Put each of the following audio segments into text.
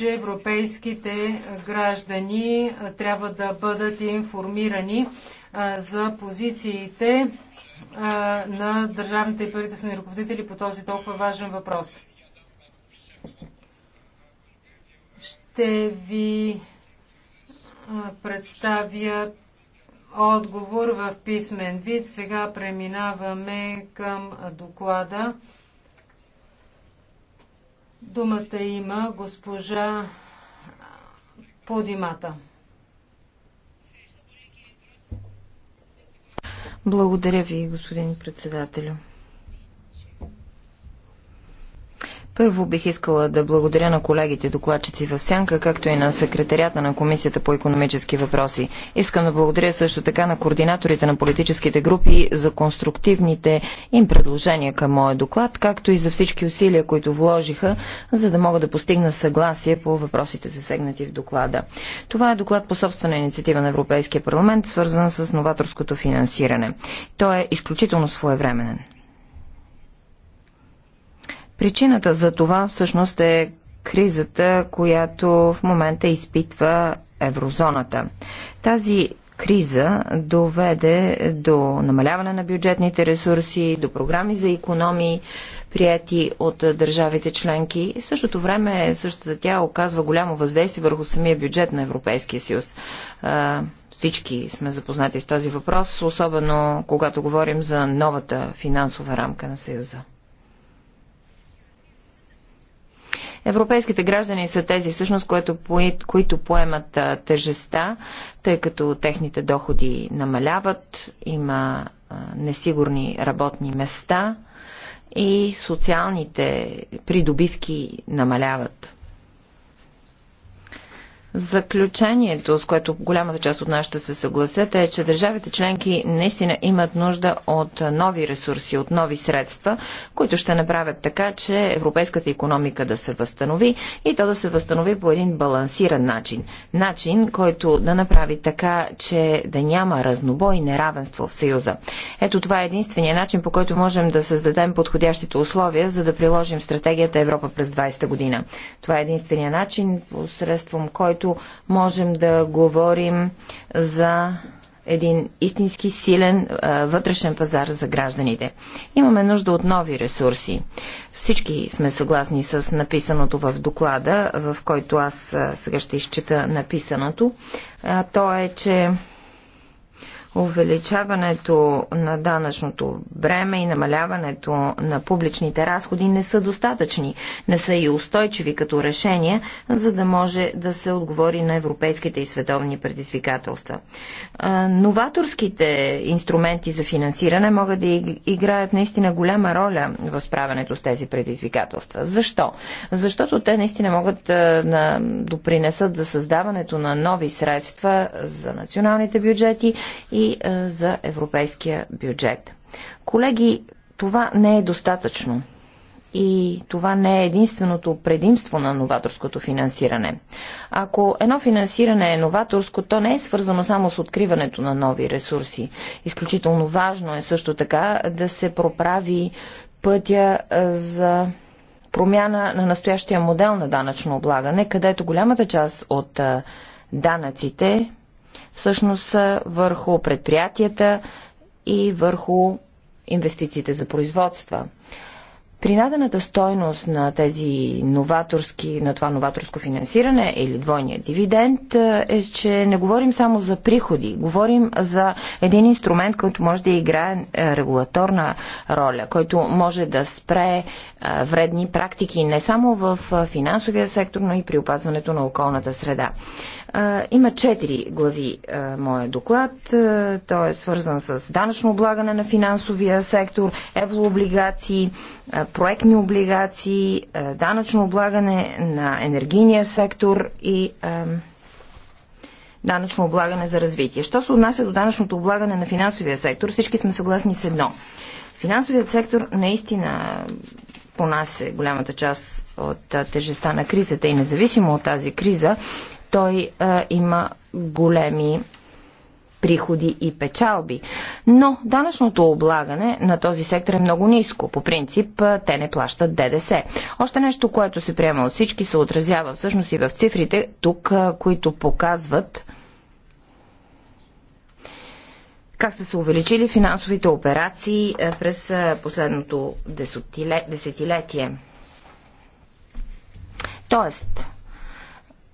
че европейските граждани трябва да бъдат информирани за позициите на държавните и правителствени ръководители по този толкова важен въпрос. Ще ви представя отговор в писмен вид. Сега преминаваме към доклада. Думата има госпожа Подимата. Благодаря ви, господин председателю. Първо бих искала да благодаря на колегите докладчици в Сянка, както и на секретарята на Комисията по економически въпроси. Искам да благодаря също така на координаторите на политическите групи за конструктивните им предложения към моя доклад, както и за всички усилия, които вложиха, за да мога да постигна съгласие по въпросите засегнати в доклада. Това е доклад по собствена инициатива на Европейския парламент, свързан с новаторското финансиране. Той е изключително своевременен. Причината за това всъщност е кризата, която в момента изпитва еврозоната. Тази криза доведе до намаляване на бюджетните ресурси, до програми за економии, прияти от държавите членки. В същото време същата тя оказва голямо въздействие върху самия бюджет на Европейския съюз. Всички сме запознати с този въпрос, особено когато говорим за новата финансова рамка на съюза. Европейските граждани са тези всъщност, което, които поемат тежеста, тъй като техните доходи намаляват, има несигурни работни места и социалните придобивки намаляват. Заключението, с което голямата част от нас ще се съгласят, е, че държавите членки наистина имат нужда от нови ресурси, от нови средства, които ще направят така, че европейската економика да се възстанови и то да се възстанови по един балансиран начин. Начин, който да направи така, че да няма разнобой и неравенство в Съюза. Ето това е единствения начин, по който можем да създадем подходящите условия, за да приложим стратегията Европа през 20 та година. Това е единствения начин, посредством който който можем да говорим за един истински силен а, вътрешен пазар за гражданите. Имаме нужда от нови ресурси. Всички сме съгласни с написаното в доклада, в който аз а, сега ще изчита написаното. А, то е, че увеличаването на данъчното бреме и намаляването на публичните разходи не са достатъчни, не са и устойчиви като решения, за да може да се отговори на европейските и световни предизвикателства. Новаторските инструменти за финансиране могат да играят наистина голяма роля в справянето с тези предизвикателства. Защо? Защото те наистина могат да допринесат за създаването на нови средства за националните бюджети и и е, за европейския бюджет. Колеги, това не е достатъчно. И това не е единственото предимство на новаторското финансиране. Ако едно финансиране е новаторско, то не е свързано само с откриването на нови ресурси. Изключително важно е също така да се проправи пътя е, за промяна на настоящия модел на данъчно облагане, където голямата част от е, данъците всъщност върху предприятията и върху инвестициите за производства. Принадената стойност на тези новаторски, на това новаторско финансиране или двойния дивиденд е, е, че не говорим само за приходи, говорим за един инструмент, който може да играе е, регулаторна роля, който може да спре е, вредни практики не само в финансовия сектор, но и при опазването на околната среда. Има четири глави моят доклад. Той е свързан с данъчно облагане на финансовия сектор, еврооблигации, проектни облигации, е, данъчно облагане на енергийния сектор и е, данъчно облагане за развитие. Що се отнася до данъчното облагане на финансовия сектор, всички сме съгласни с едно. Финансовият сектор наистина понася голямата част от е, тежестта на кризата и независимо от тази криза, той а, има големи приходи и печалби. Но данъчното облагане на този сектор е много ниско. По принцип те не плащат ДДС. Още нещо, което се приема от всички, се отразява всъщност и в цифрите тук, които показват как са се увеличили финансовите операции през последното десетилетие. Тоест,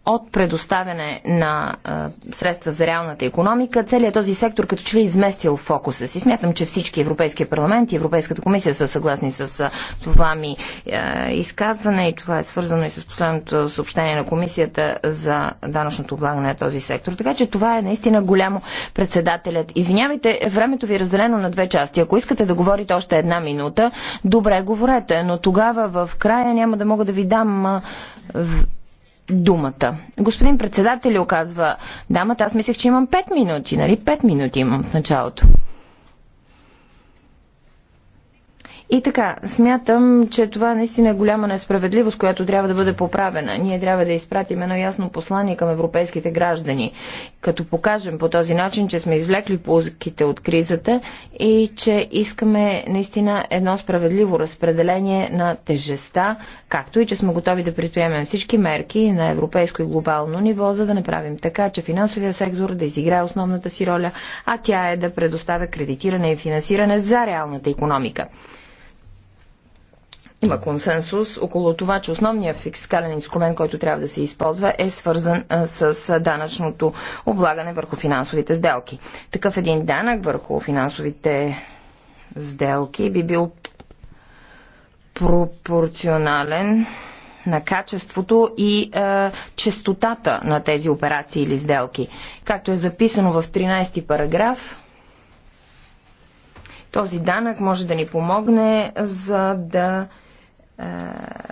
от предоставяне на а, средства за реалната економика, целият този сектор като че ли е изместил фокуса си. Смятам, че всички Европейски парламент и Европейската комисия са съгласни с а, това ми а, изказване и това е свързано и с последното съобщение на комисията за данъчното облагане на този сектор. Така че това е наистина голямо председателят. Извинявайте, времето ви е разделено на две части. Ако искате да говорите още една минута, добре говорете, но тогава в края няма да мога да ви дам думата. Господин председател, оказва дамата, аз мислех, че имам 5 минути, нали? 5 минути имам в началото. И така, смятам, че това наистина е голяма несправедливост, която трябва да бъде поправена. Ние трябва да изпратим едно ясно послание към европейските граждани, като покажем по този начин, че сме извлекли ползките от кризата и че искаме наистина едно справедливо разпределение на тежеста, както и че сме готови да предприемем всички мерки на европейско и глобално ниво, за да направим така, че финансовия сектор да изиграе основната си роля, а тя е да предоставя кредитиране и финансиране за реалната економика. Има консенсус около това, че основният фискален инструмент, който трябва да се използва, е свързан с данъчното облагане върху финансовите сделки. Такъв един данък върху финансовите сделки би бил пропорционален на качеството и е, честотата на тези операции или сделки. Както е записано в 13 параграф, този данък може да ни помогне за да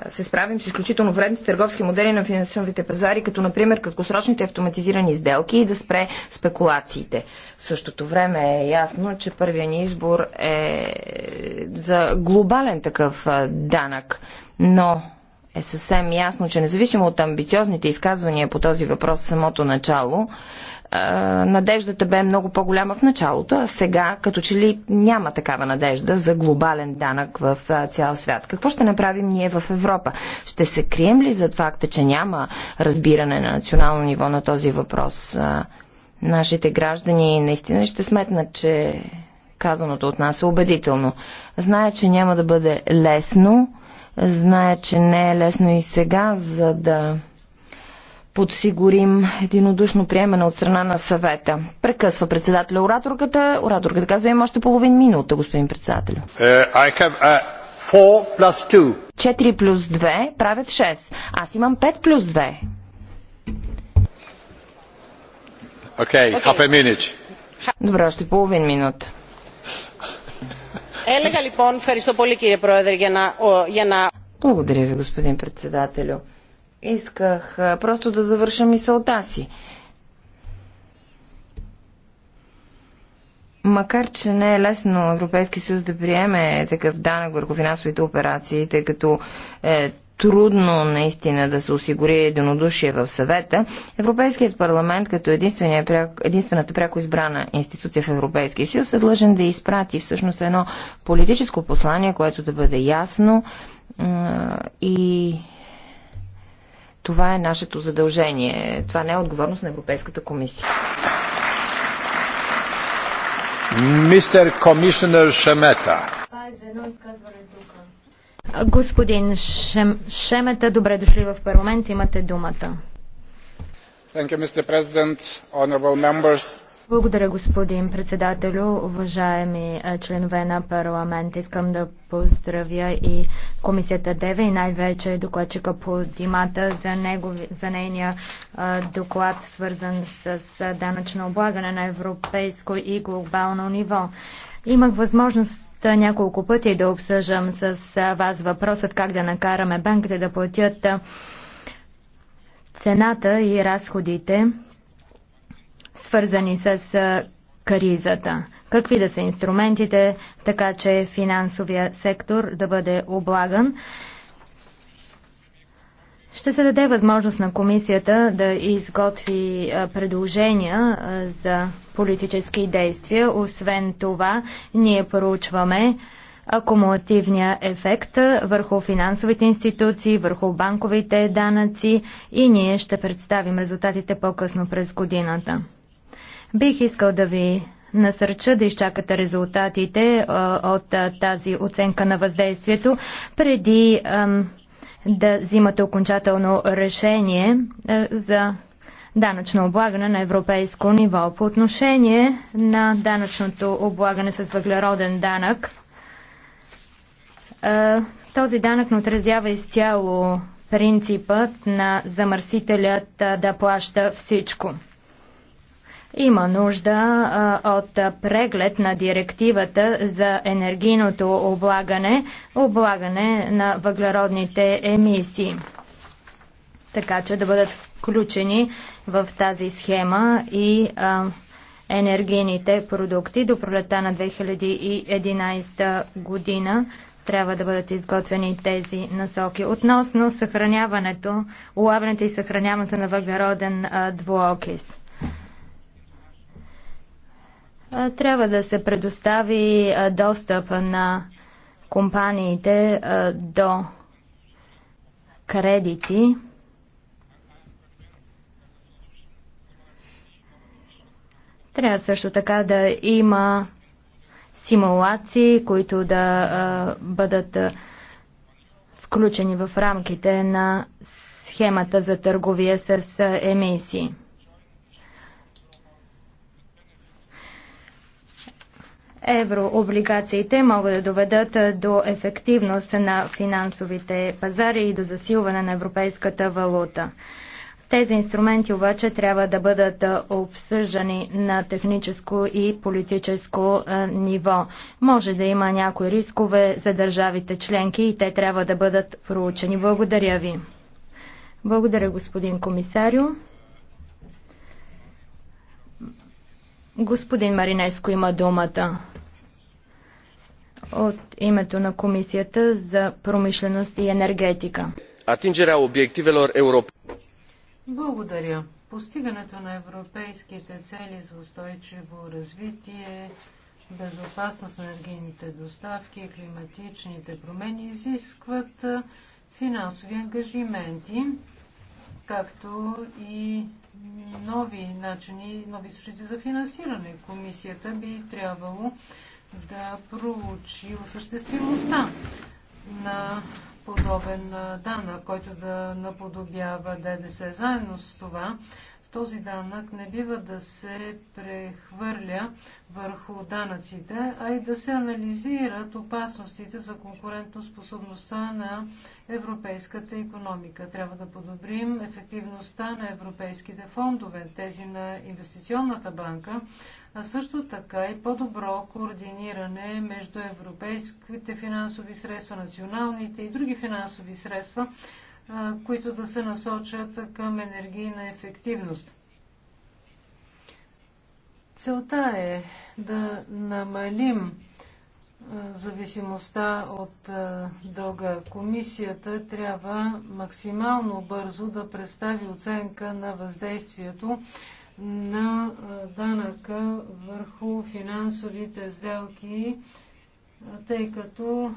се справим с изключително вредните търговски модели на финансовите пазари, като например краткосрочните автоматизирани сделки и да спре спекулациите. В същото време е ясно, че първият ни избор е за глобален такъв данък, но е съвсем ясно, че независимо от амбициозните изказвания по този въпрос самото начало, надеждата бе много по-голяма в началото, а сега като че ли няма такава надежда за глобален данък в цял свят. Какво ще направим ние в Европа? Ще се крием ли за факта, че няма разбиране на национално ниво на този въпрос? Нашите граждани наистина ще сметнат, че казаното от нас е убедително. Зная, че няма да бъде лесно, зная, че не е лесно и сега, за да подсигурим единодушно приемане от страна на съвета. Прекъсва председателя ораторката. Ораторката казва, има още половин минута, господин председател. Uh, 4 uh, плюс 2 правят 6. Аз имам 5 плюс 2. Okay, okay. half a minute. Добре, още половин минута. Έλεγα λοιπόν, ευχαριστώ πολύ κύριε Πρόεδρε για να... Благодаря ви, господин председателю. Исках просто да завърша мисълта си. Макар, че не е лесно Европейски съюз да приеме такъв данък върху финансовите операции, тъй като е трудно наистина да се осигури единодушие в съвета, Европейският парламент като единствената пряко избрана институция в Европейския съюз е длъжен да изпрати всъщност едно политическо послание, което да бъде ясно и това е нашето задължение. Това не е отговорност на Европейската комисия. Мистер Комисионер Шемета. Господин Шем... Шемета, добре дошли в парламент. Имате думата. Thank you, Mr. President, honorable members. Благодаря, господин председателю. Уважаеми членове на парламента, искам да поздравя и комисията ДЕВЕ и най-вече докладчика по димата за, негови, за нейния а, доклад, свързан с данъчно облагане на европейско и глобално ниво. Имах възможност няколко пъти да обсъждам с вас въпросът как да накараме банките да платят цената и разходите свързани с кризата. Какви да са инструментите, така че финансовия сектор да бъде облаган? Ще се даде възможност на комисията да изготви предложения за политически действия. Освен това, ние проучваме акумулативния ефект върху финансовите институции, върху банковите данъци и ние ще представим резултатите по-късно през годината. Бих искал да ви насърча да изчакате резултатите а, от а, тази оценка на въздействието преди а, да взимате окончателно решение за данъчно облагане на европейско ниво. По отношение на данъчното облагане с въглероден данък, този данък не отразява изцяло принципът на замърсителят да плаща всичко. Има нужда а, от преглед на директивата за енергийното облагане, облагане на въглеродните емисии, така че да бъдат включени в тази схема и а, енергийните продукти. До пролета на 2011 година трябва да бъдат изготвени тези насоки. Относно съхраняването, улавянето и съхраняването на въглероден двуокис. Трябва да се предостави достъп на компаниите до кредити. Трябва също така да има симулации, които да бъдат включени в рамките на схемата за търговия с емисии. Еврооблигациите могат да доведат до ефективност на финансовите пазари и до засилване на европейската валута. Тези инструменти обаче трябва да бъдат обсъждани на техническо и политическо ниво. Може да има някои рискове за държавите членки и те трябва да бъдат проучени. Благодаря ви. Благодаря, господин комисарио. Господин Маринеско има думата от името на Комисията за промишленост и енергетика. Atingerea obiectivelor europene. Благодаря. Постигането на европейските цели за устойчиво развитие, безопасност на енергийните доставки климатичните промени изискват финансови ангажименти, както и нови начини, нови източници за финансиране. Комисията би трябвало да проучи осъществимостта на подобен данък, който да наподобява ДДС. Заедно с това, този данък не бива да се прехвърля върху данъците, а и да се анализират опасностите за конкурентоспособността на европейската економика. Трябва да подобрим ефективността на европейските фондове, тези на инвестиционната банка, а също така и по-добро координиране между европейските финансови средства, националните и други финансови средства, които да се насочат към енергийна ефективност. Целта е да намалим зависимостта от дълга. Комисията трябва максимално бързо да представи оценка на въздействието на данъка върху финансовите сделки, тъй като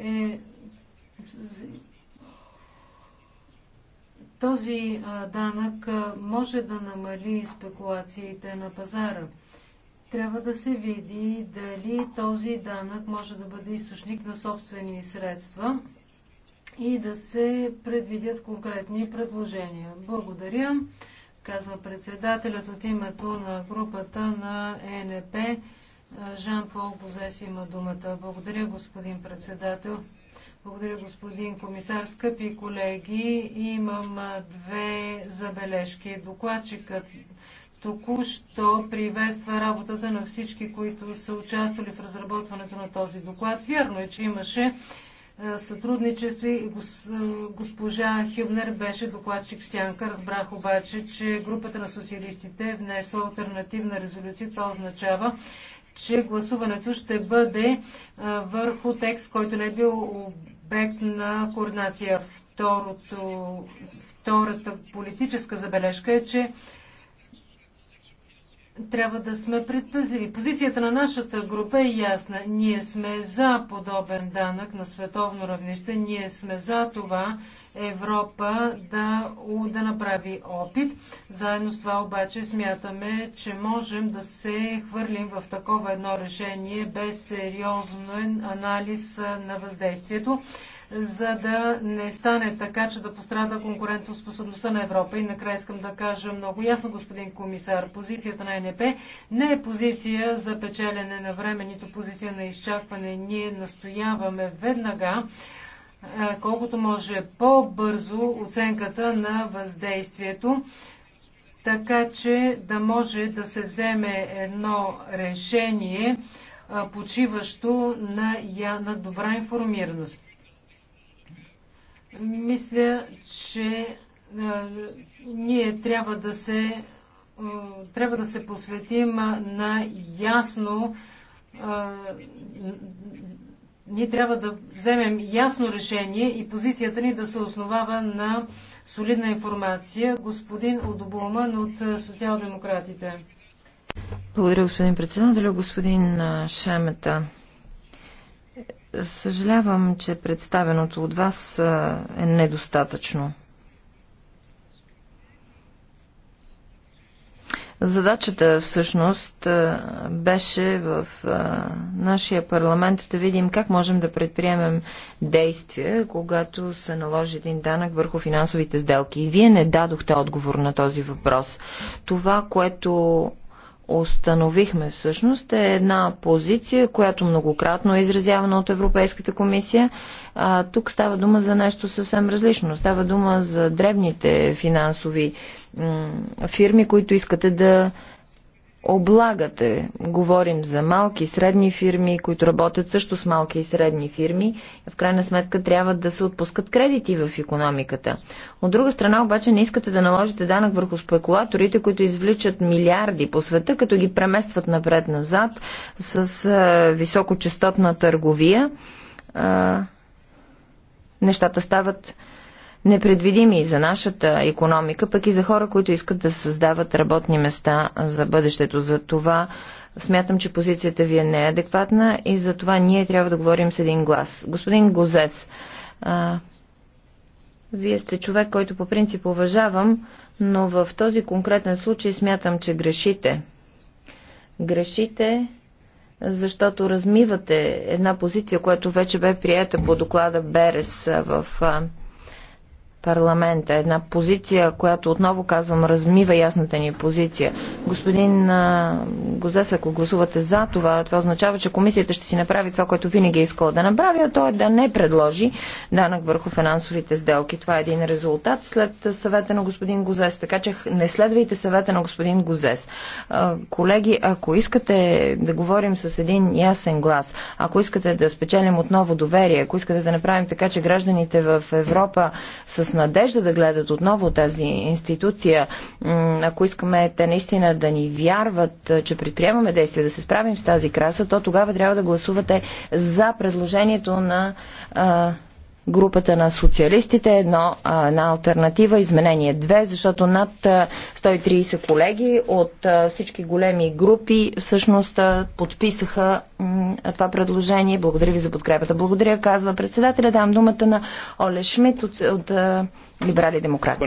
е този данък може да намали спекулациите на пазара. Трябва да се види дали този данък може да бъде източник на собствени средства и да се предвидят конкретни предложения. Благодаря казва председателят от името на групата на ЕНП. Жан-Пол Гозес има думата. Благодаря, господин председател. Благодаря, господин комисар. Скъпи колеги, имам две забележки. Докладчикът току-що приветства работата на всички, които са участвали в разработването на този доклад. Вярно е, че имаше е, сътрудничество и е, госпожа Хюбнер беше докладчик в Сянка. Разбрах обаче, че групата на социалистите е внесла альтернативна резолюция. Това означава, че гласуването ще бъде е, върху текст, който не е бил обект на координация. Второто, втората политическа забележка е, че трябва да сме предпазливи. Позицията на нашата група е ясна. Ние сме за подобен данък на световно равнище. Ние сме за това Европа да, да направи опит. Заедно с това обаче смятаме, че можем да се хвърлим в такова едно решение без сериозен анализ на въздействието за да не стане така, че да пострада конкурентоспособността на Европа. И накрая искам да кажа много ясно, господин комисар, позицията на НП не е позиция за печелене на време, нито позиция на изчакване. Ние настояваме веднага колкото може по-бързо оценката на въздействието, така че да може да се вземе едно решение, почиващо на, на добра информираност. Мисля, че е, ние трябва да се е, трябва да се посветим на ясно е, ние трябва да вземем ясно решение и позицията ни да се основава на солидна информация. Господин Одобулман от социал-демократите. Благодаря, господин председател. Господин Шемета, Съжалявам, че представеното от вас е недостатъчно. Задачата всъщност беше в нашия парламент да видим как можем да предприемем действия, когато се наложи един данък върху финансовите сделки. И вие не дадохте отговор на този въпрос. Това, което установихме всъщност е една позиция, която многократно е изразявана от Европейската комисия. А, тук става дума за нещо съвсем различно. Става дума за древните финансови фирми, които искате да облагате. Говорим за малки и средни фирми, които работят също с малки и средни фирми. В крайна сметка трябва да се отпускат кредити в економиката. От друга страна обаче не искате да наложите данък върху спекулаторите, които извличат милиарди по света, като ги преместват напред-назад с а, високочастотна търговия. А, нещата стават непредвидими и за нашата економика, пък и за хора, които искат да създават работни места за бъдещето. За това смятам, че позицията ви е неадекватна и за това ние трябва да говорим с един глас. Господин Гозес, а, вие сте човек, който по принцип уважавам, но в този конкретен случай смятам, че грешите. Грешите, защото размивате една позиция, която вече бе приета по доклада Берес в парламента. Една позиция, която отново казвам, размива ясната ни позиция. Господин Гозес, ако гласувате за това, това означава, че комисията ще си направи това, което винаги е искала да направи, а то е да не предложи данък върху финансовите сделки. Това е един резултат след съвета на господин Гозес. Така че не следвайте съвета на господин Гозес. Колеги, ако искате да говорим с един ясен глас, ако искате да спечелим отново доверие, ако искате да направим така, че гражданите в Европа с с надежда да гледат отново тази институция, ако искаме те наистина да ни вярват, че предприемаме действия да се справим с тази краса, то тогава трябва да гласувате за предложението на групата на социалистите едно, една альтернатива, изменение 2, защото над 130 колеги от всички големи групи всъщност подписаха това предложение. Благодаря ви за подкрепата. Благодаря, казва председателя. Дам думата на Оле Шмидт от, от Либерали демократи.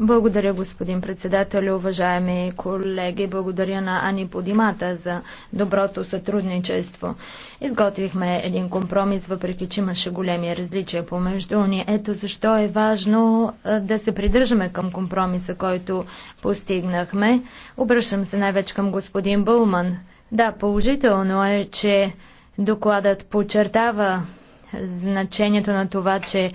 Благодаря, господин председател, уважаеми колеги. Благодаря на Ани Подимата за доброто сътрудничество. Изготвихме един компромис, въпреки че имаше големи големи различия помежду ни. Ето защо е важно да се придържаме към компромиса, който постигнахме. Обръщам се най-вече към господин Бълман. Да, положително е, че докладът подчертава значението на това, че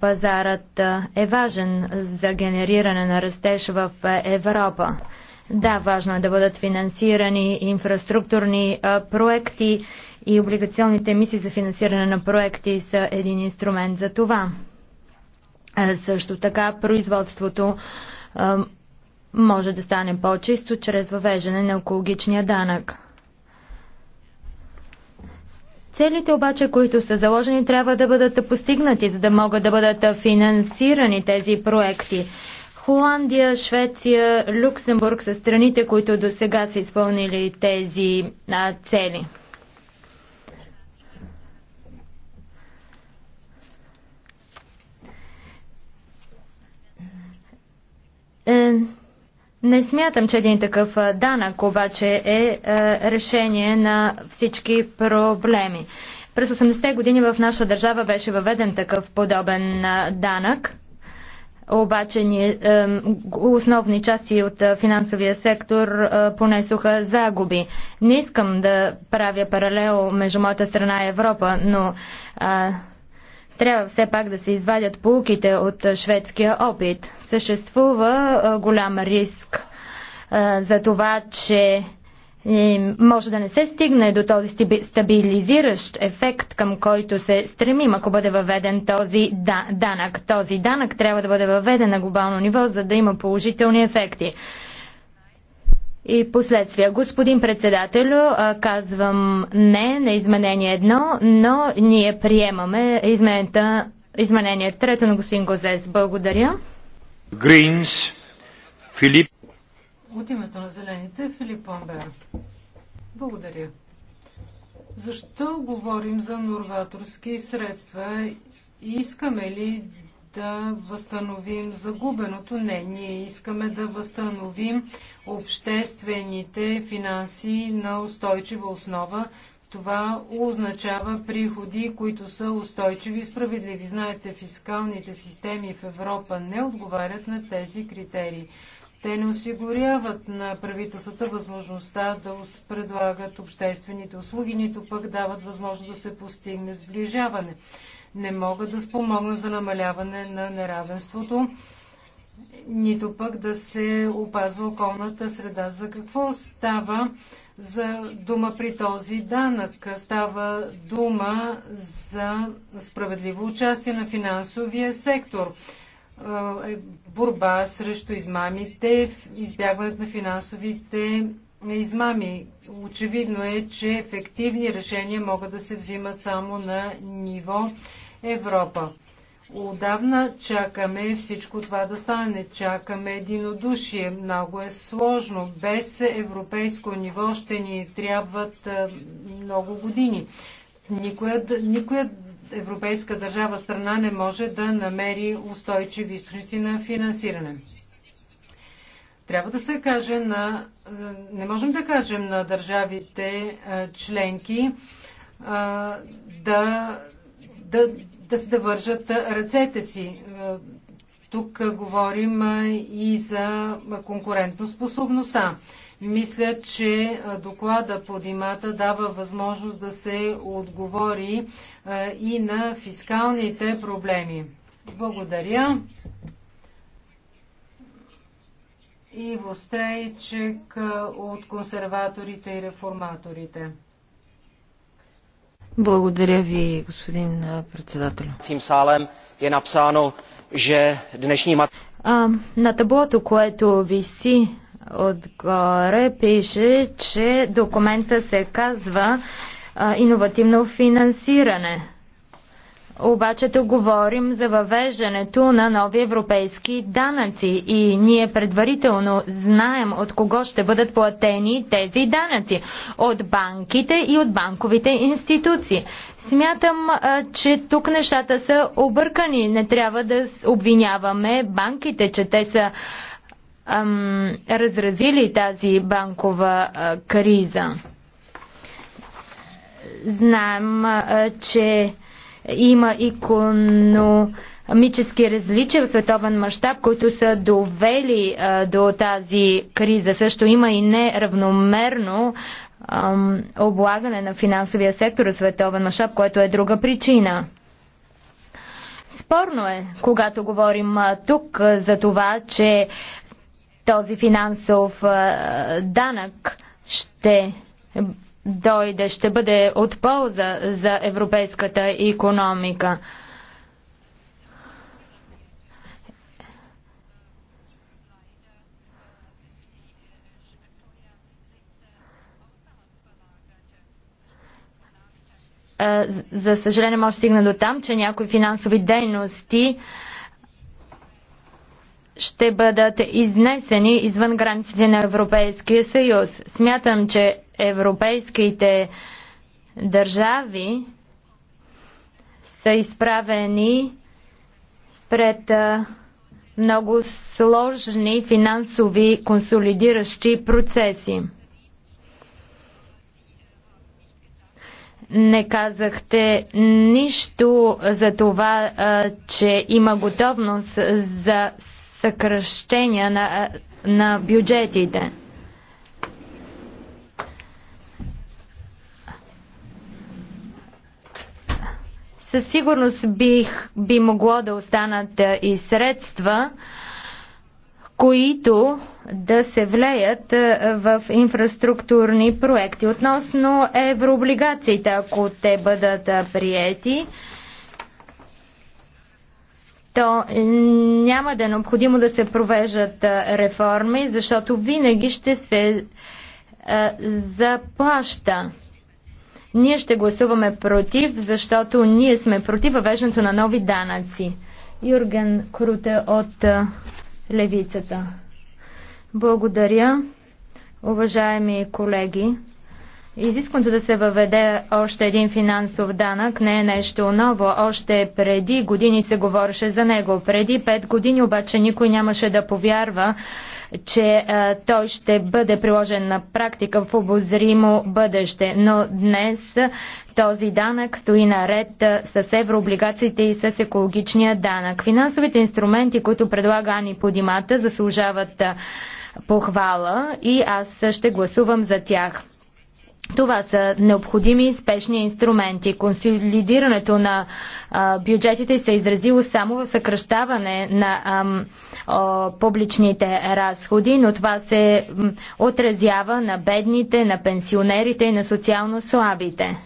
пазарът е важен за генериране на растеж в Европа. Да, важно е да бъдат финансирани инфраструктурни проекти, и облигационните емисии за финансиране на проекти са един инструмент за това. Също така производството може да стане по-чисто чрез въвеждане на екологичния данък. Целите обаче, които са заложени, трябва да бъдат постигнати, за да могат да бъдат финансирани тези проекти. Холандия, Швеция, Люксембург са страните, които до сега са изпълнили тези цели. Е, не смятам, че един такъв е, данък обаче е, е решение на всички проблеми. През 80-те години в наша държава беше въведен такъв подобен данък. Обаче ние, основни части от финансовия сектор понесоха загуби. Не искам да правя паралел между моята страна и Европа, но трябва все пак да се извадят полуките от шведския опит. Съществува голям риск за това, че е, може да не се стигне до този стабилизиращ ефект, към който се стремим, ако бъде въведен този данък. Този данък трябва да бъде въведен на глобално ниво, за да има положителни ефекти и последствия. Господин председател, казвам не на изменение едно, но ние приемаме измененията, изменение трето на господин Гозес. Благодаря. Гринс, Филип. От името на зелените Филип Амбер. Благодаря. Защо говорим за новаторски средства? Искаме ли да възстановим загубеното. Не, ние искаме да възстановим обществените финанси на устойчива основа. Това означава приходи, които са устойчиви и справедливи. Знаете, фискалните системи в Европа не отговарят на тези критерии. Те не осигуряват на правителствата възможността да предлагат обществените услуги, нито пък дават възможност да се постигне сближаване не могат да спомогнат за намаляване на неравенството, нито пък да се опазва околната среда. За какво става за дума при този данък? Става дума за справедливо участие на финансовия сектор е, борба срещу измамите, избягването на финансовите измами. Очевидно е, че ефективни решения могат да се взимат само на ниво Европа. Отдавна чакаме всичко това да стане. Чакаме единодушие. Много е сложно. Без европейско ниво ще ни трябват е, много години. Никоя, никоя европейска държава страна не може да намери устойчиви източници на финансиране. Трябва да се каже на... Е, не можем да кажем на държавите е, членки е, да, да, да се вържат ръцете си. Тук говорим и за конкурентоспособността. Мисля, че доклада по димата дава възможност да се отговори и на фискалните проблеми. Благодаря. Иво Стрейчек от консерваторите и реформаторите. Благодаря ви, господин председател. Салем е написано, че днешни мат... на таблото, което виси отгоре, пише, че документа се казва иновативно финансиране. Обаче тук говорим за въвеждането на нови европейски данъци и ние предварително знаем от кого ще бъдат платени тези данъци. От банките и от банковите институции. Смятам, че тук нещата са объркани. Не трябва да обвиняваме банките, че те са ам, разразили тази банкова а, криза. Знаем, а, че има икономически различия в световен мащаб, които са довели а, до тази криза. Също има и неравномерно ам, облагане на финансовия сектор в световен мащаб, което е друга причина. Спорно е, когато говорим а, тук а, за това, че този финансов а, данък ще дойде, ще бъде от полза за европейската економика. за съжаление може стигна до там, че някои финансови дейности ще бъдат изнесени извън границите на Европейския съюз. Смятам, че европейските държави са изправени пред много сложни финансови консолидиращи процеси. Не казахте нищо за това, че има готовност за съкръщения на, на бюджетите. Със сигурност бих, би могло да останат и средства, които да се влеят в инфраструктурни проекти. Относно еврооблигациите, ако те бъдат приети, то няма да е необходимо да се провеждат реформи, защото винаги ще се заплаща. Ние ще гласуваме против, защото ние сме против въвеждането на нови данъци. Юрген Круте от Левицата. Благодаря, уважаеми колеги. Изискването да се въведе още един финансов данък не е нещо ново. Още преди години се говореше за него. Преди пет години обаче никой нямаше да повярва, че а, той ще бъде приложен на практика в обозримо бъдеще. Но днес този данък стои наред с еврооблигациите и с екологичния данък. Финансовите инструменти, които предлага Ани Подимата, заслужават похвала и аз ще гласувам за тях. Това са необходими спешни инструменти. Консолидирането на а, бюджетите се е изразило само в съкръщаване на а, о, публичните разходи, но това се м, отразява на бедните, на пенсионерите и на социално слабите.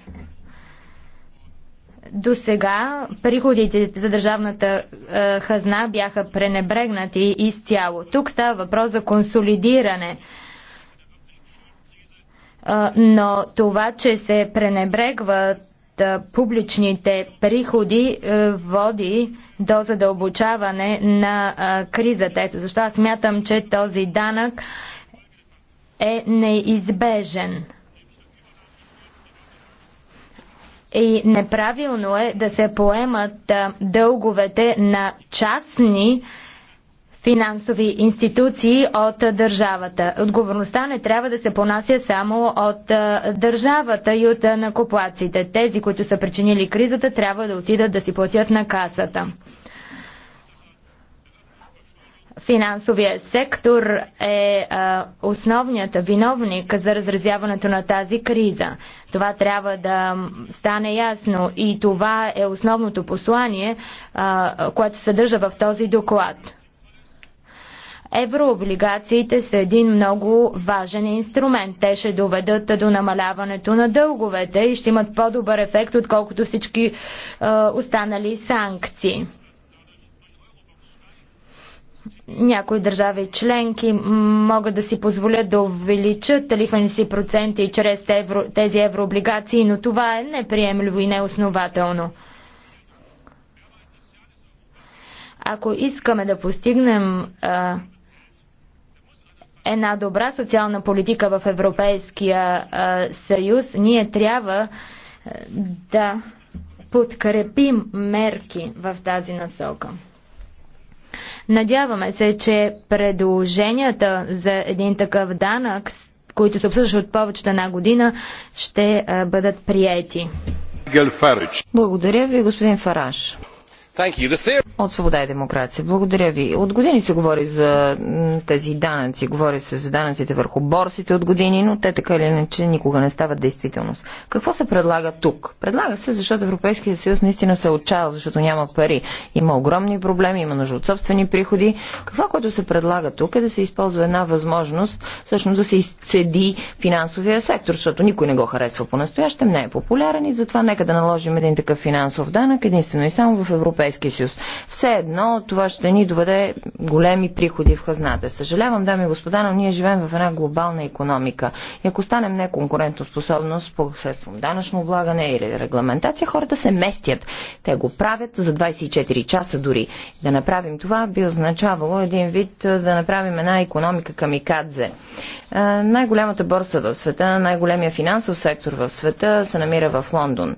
До сега приходите за държавната а, хазна бяха пренебрегнати изцяло. Тук става въпрос за консолидиране но това, че се пренебрегват публичните приходи е, води до задълбочаване на кризата. Ето защо аз смятам, че този данък е неизбежен. И неправилно е да се поемат дълговете на частни финансови институции от държавата. Отговорността не трябва да се понася само от държавата и от накоплаците. Тези, които са причинили кризата, трябва да отидат да си платят на касата. Финансовия сектор е а, основният виновник за разразяването на тази криза. Това трябва да стане ясно и това е основното послание, а, което съдържа в този доклад. Еврооблигациите са един много важен инструмент. Те ще доведат до намаляването на дълговете и ще имат по-добър ефект, отколкото всички е, останали санкции. Някои държави членки могат да си позволят да увеличат лихвени си проценти чрез тези еврооблигации, но това е неприемливо и неоснователно. Ако искаме да постигнем а, е, една добра социална политика в Европейския съюз, ние трябва да подкрепим мерки в тази насока. Надяваме се, че предложенията за един такъв данък, които се обсъждат от повече една година, ще бъдат приети. Благодаря ви, господин Фараш. От свобода и демокрация. Благодаря ви. От години се говори за тези данъци. Говори се за данъците върху борсите от години, но те така или иначе никога не стават действителност. Какво се предлага тук? Предлага се, защото Европейския съюз наистина се е отчаял, защото няма пари. Има огромни проблеми, има нужда от собствени приходи. Какво, което се предлага тук е да се използва една възможност всъщност да се изцеди финансовия сектор, защото никой не го харесва по-настоящем, не е популярен и затова нека да наложим един такъв финансов данък единствено и само в Европейския Европейския съюз. Все едно това ще ни доведе големи приходи в хазната. Съжалявам, дами и господа, но ние живеем в една глобална економика. И ако станем неконкурентоспособност посредством данъчно облагане или регламентация, хората се местят. Те го правят за 24 часа дори. Да направим това би означавало един вид да направим една економика камикадзе. Най-голямата борса в света, най-големия финансов сектор в света се намира в Лондон.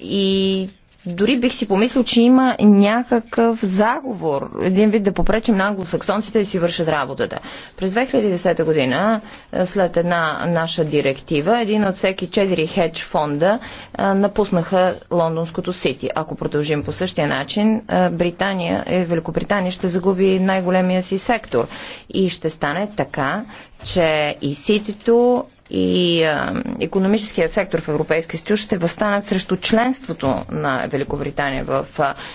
И дори бих си помислил, че има някакъв заговор, един вид да попречим на англосаксонците да си вършат работата. През 2010 година, е, след една наша директива, един от всеки четири хедж фонда е, напуснаха лондонското сити. Ако продължим по същия начин, е, Британия, Великобритания ще загуби най-големия си сектор и ще стане така, че и ситито и а, економическия сектор в Европейския съюз ще възстанат срещу членството на Великобритания в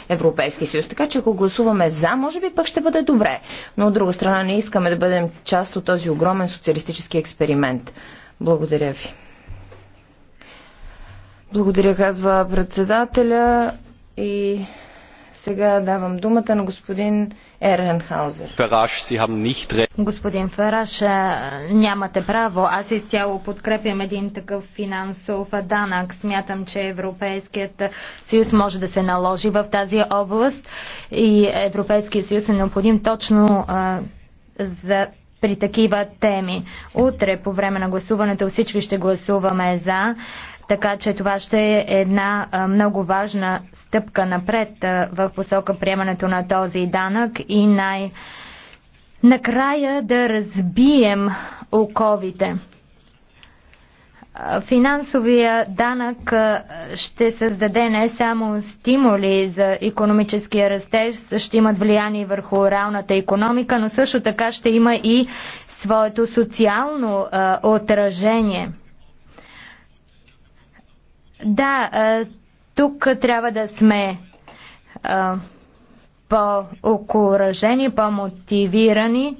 Европейския съюз. Така че ако гласуваме за, може би пък ще бъде добре. Но от друга страна не искаме да бъдем част от този огромен социалистически експеримент. Благодаря ви. Благодаря, казва председателя и сега давам думата на господин Еренхаузер. Господин Фараш, нямате право. Аз изцяло подкрепям един такъв финансов данък. Смятам, че Европейският съюз може да се наложи в тази област и Европейският съюз е необходим точно а, за при такива теми. Утре по време на гласуването всички ще гласуваме за. Така че това ще е една много важна стъпка напред в посока приемането на този данък и най- накрая да разбием оковите. Финансовия данък ще създаде не само стимули за економическия растеж, ще имат влияние върху реалната економика, но също така ще има и своето социално а, отражение. Да, тук трябва да сме по-окоръжени, по-мотивирани.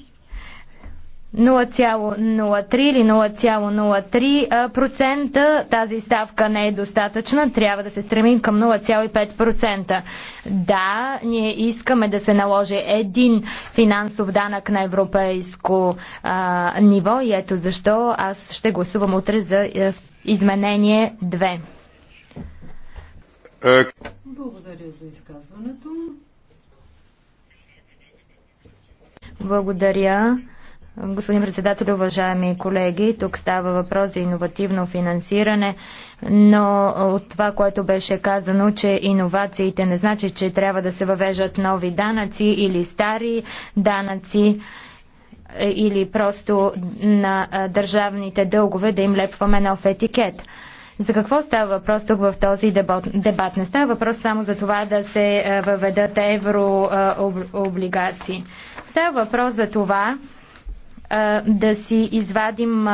0,03 или 0,03% тази ставка не е достатъчна, трябва да се стремим към 0,5%. Да, ние искаме да се наложи един финансов данък на европейско а, ниво и ето защо аз ще гласувам утре за е, изменение 2. Благодаря за изказването. Благодаря. Господин председател, уважаеми колеги, тук става въпрос за иновативно финансиране, но от това, което беше казано, че иновациите не значи, че трябва да се въвеждат нови данъци или стари данъци е, или просто на държавните дългове да им лепваме нов етикет. За какво става въпрос тук в този дебат? Не става въпрос само за това да се е, въведат еврооблигации. Е, става въпрос за това е, да си извадим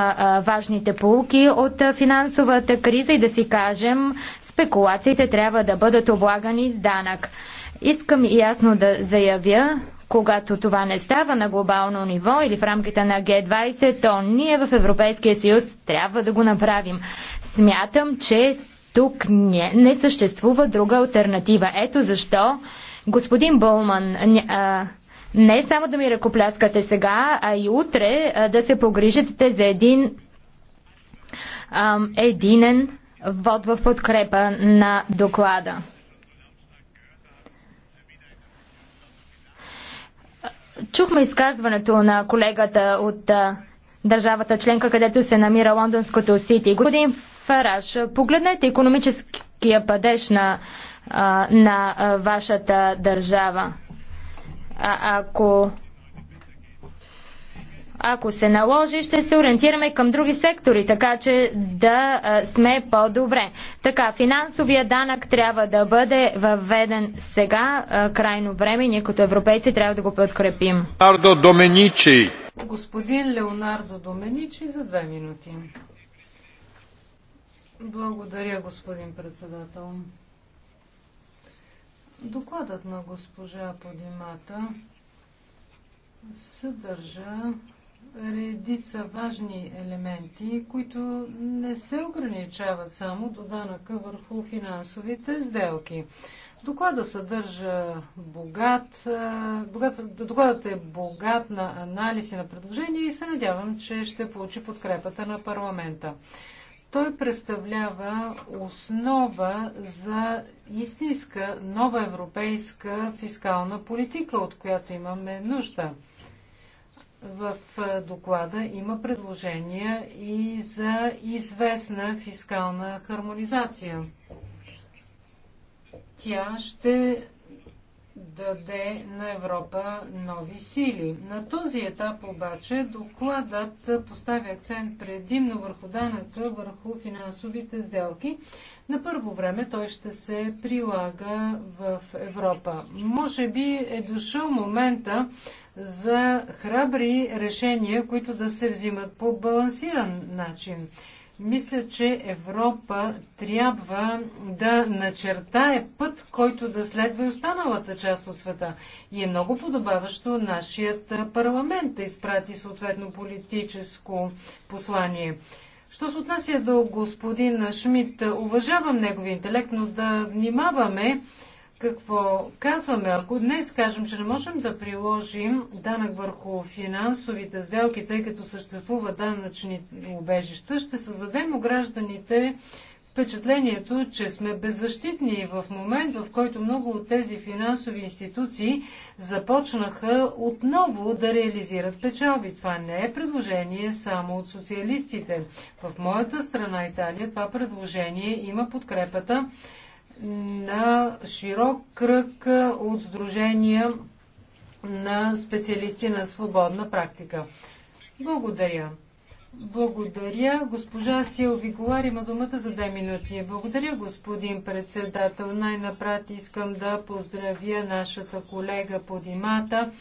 важните полуки от финансовата криза и да си кажем, спекулациите трябва да бъдат облагани с данък. Искам ясно да заявя, когато това не става на глобално ниво или в рамките на Г20, то ние в Европейския съюз трябва да го направим. Смятам, че тук не, не съществува друга альтернатива. Ето защо господин Болман. А, не само да ми ръкопляскате сега, а и утре а, да се погрижите за един ам, единен вод в подкрепа на доклада. Чухме изказването на колегата от държавата членка, където се намира Лондонското Сити. Господин Фараш, погледнете економическия падеж на, на вашата държава. А, ако ако се наложи, ще се ориентираме към други сектори, така че да сме по-добре. Така, финансовия данък трябва да бъде въведен сега, крайно време, ние като европейци трябва да го подкрепим. Леонардо Доменичи. Господин Леонардо Доменичи за две минути. Благодаря, господин председател. Докладът на госпожа Подимата съдържа редица важни елементи, които не се ограничават само до данъка върху финансовите сделки. Доклада съдържа богат, е, богат докладът е богат на анализи на предложения и се надявам, че ще получи подкрепата на парламента. Той представлява основа за истинска нова европейска фискална политика, от която имаме нужда. В доклада има предложения и за известна фискална хармонизация. Тя ще даде на Европа нови сили. На този етап обаче докладът поставя акцент предимно върху данъка, върху финансовите сделки. На първо време той ще се прилага в Европа. Може би е дошъл момента за храбри решения, които да се взимат по балансиран начин. Мисля, че Европа трябва да начертае път, който да следва и останалата част от света. И е много подобаващо нашият парламент да изпрати съответно политическо послание. Що се отнася до господин Шмидт, уважавам негови интелект, но да внимаваме какво казваме? Ако днес кажем, че не можем да приложим данък върху финансовите сделки, тъй като съществува данъчни убежища, ще създадем у гражданите впечатлението, че сме беззащитни в момент, в който много от тези финансови институции започнаха отново да реализират печалби. Това не е предложение само от социалистите. В моята страна Италия това предложение има подкрепата на широк кръг от сдружения на специалисти на свободна практика. Благодаря. Благодаря. Госпожа Силви Голар има думата за две минути. Благодаря, господин председател. Най-напред искам да поздравя нашата колега Подимата. Димата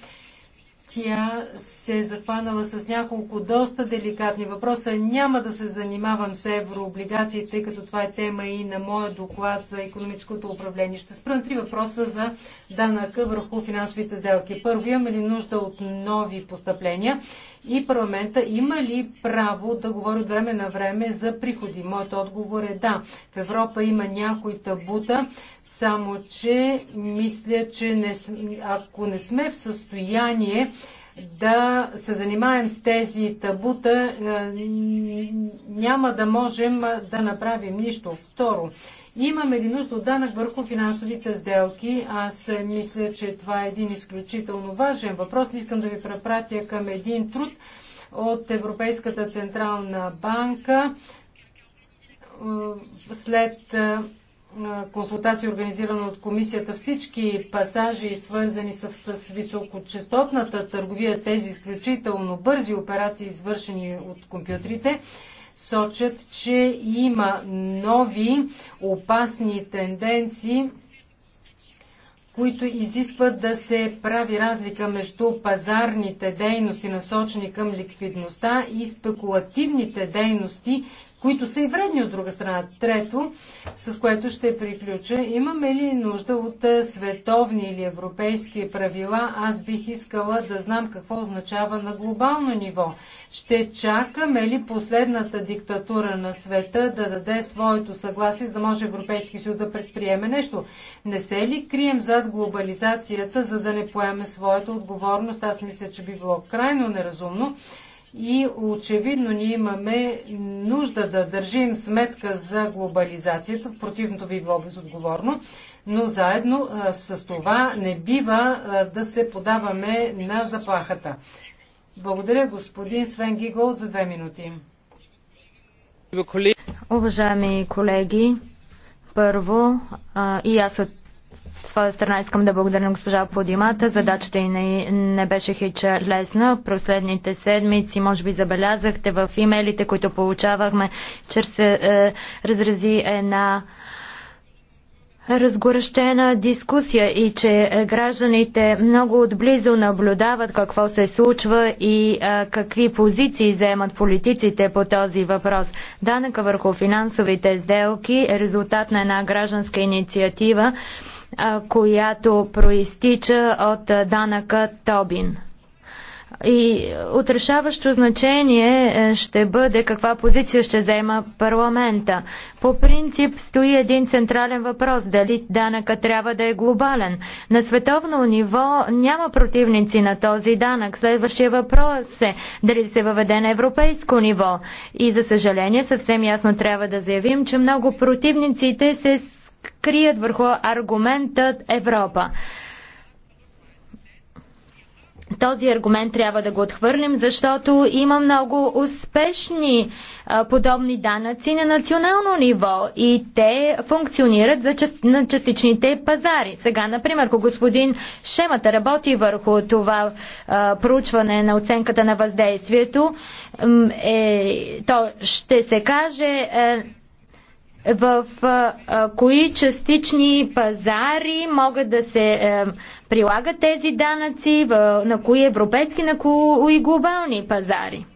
тя се е захванала с няколко доста деликатни въпроса. Няма да се занимавам с еврооблигациите, тъй като това е тема и на моя доклад за економическото управление. Ще спра три въпроса за данъка върху финансовите сделки. Първо, имаме ли нужда от нови постъпления? и парламента има ли право да говори от време на време за приходи? Моят отговор е да. В Европа има някои табута, само че мисля, че не, ако не сме в състояние да се занимаем с тези табута, няма да можем да направим нищо. Второ, Имаме ли нужда от данък върху финансовите сделки? Аз мисля, че това е един изключително важен въпрос. Не искам да ви препратя към един труд от Европейската централна банка след консултация, организирана от комисията, всички пасажи, свързани с, с високочастотната търговия, тези изключително бързи операции, извършени от компютрите, сочат, че има нови опасни тенденции, които изискват да се прави разлика между пазарните дейности, насочени към ликвидността и спекулативните дейности, които са и вредни от друга страна. Трето, с което ще приключа, имаме ли нужда от световни или европейски правила? Аз бих искала да знам какво означава на глобално ниво. Ще чакаме ли последната диктатура на света да даде своето съгласие, за да може Европейски съюз да предприеме нещо? Не се ли крием зад глобализацията, за да не поеме своята отговорност? Аз мисля, че би било крайно неразумно и очевидно ние имаме нужда да държим сметка за глобализацията, в противното би било безотговорно, но заедно с това не бива да се подаваме на заплахата. Благодаря господин Свен Гигол за две минути. Уважаеми колеги, първо и аз своя страна искам да благодаря на госпожа Подимата. Задачата и не, не беше хича лесна. Последните седмици, може би забелязахте в имейлите, които получавахме, че се е, разрази една разгорещена дискусия и че гражданите много отблизо наблюдават какво се случва и а, е, какви позиции заемат политиците по този въпрос. Данъка върху финансовите сделки е резултат на една гражданска инициатива която проистича от данъка Тобин. И отрешаващо значение е, ще бъде каква позиция ще взема парламента. По принцип стои един централен въпрос дали данъка трябва да е глобален. На световно ниво няма противници на този данък. Следващия въпрос е дали се въведе на европейско ниво. И за съжаление съвсем ясно трябва да заявим, че много противниците се крият върху аргументът Европа. Този аргумент трябва да го отхвърлим, защото има много успешни а, подобни данъци на национално ниво и те функционират за част, на частичните пазари. Сега, например, ако господин Шемата работи върху това а, проучване на оценката на въздействието, е, то ще се каже. Е, в кои частични пазари могат да се е, прилагат тези данъци, на кои европейски, на кои глобални пазари.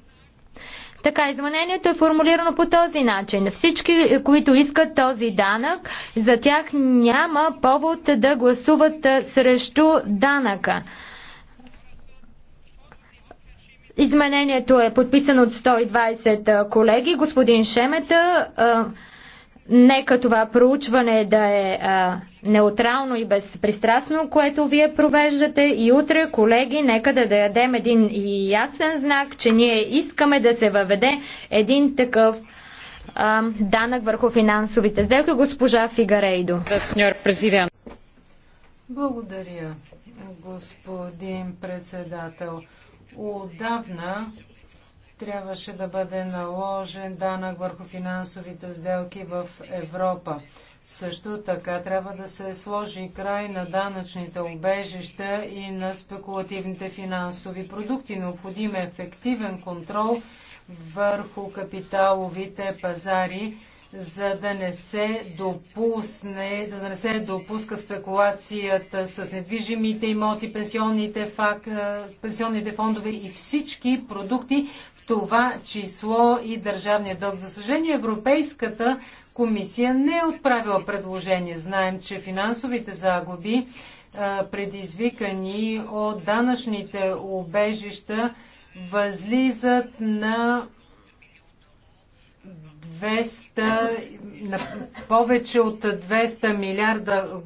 Така, изменението е формулирано по този начин. Всички, които искат този данък, за тях няма повод да гласуват е, срещу данъка. Изменението е подписано от 120 е, колеги. Господин Шемета Нека това проучване да е а, неутрално и безпристрастно, което вие провеждате. И утре, колеги, нека да дадем един ясен знак, че ние искаме да се въведе един такъв а, данък върху финансовите сделки. Госпожа Фигарейдо. Благодаря, господин председател. Отдавна трябваше да бъде наложен данък върху финансовите сделки в Европа. Също така трябва да се сложи край на данъчните убежища и на спекулативните финансови продукти. Необходим е ефективен контрол върху капиталовите пазари, за да не се допусне, да не се допуска спекулацията с недвижимите имоти, пенсионните, фак, пенсионните фондове и всички продукти, това число и държавния дълг. За съжаление, Европейската комисия не е отправила предложение. Знаем, че финансовите загуби, предизвикани от данъчните убежища, възлизат на 200, на повече от 200 милиарда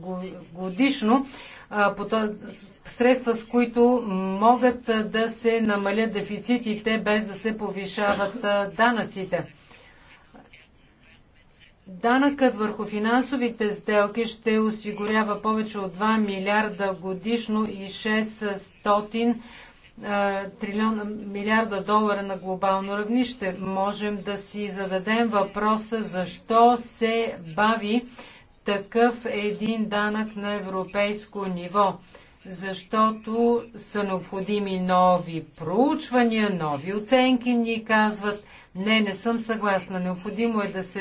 годишно средства, с които могат да се намалят дефицитите, без да се повишават данъците. Данъкът върху финансовите сделки ще осигурява повече от 2 милиарда годишно и 600 трилион, милиарда долара на глобално равнище. Можем да си зададем въпроса защо се бави такъв един данък на европейско ниво защото са необходими нови проучвания, нови оценки, ни казват. Не, не съм съгласна. Необходимо е да се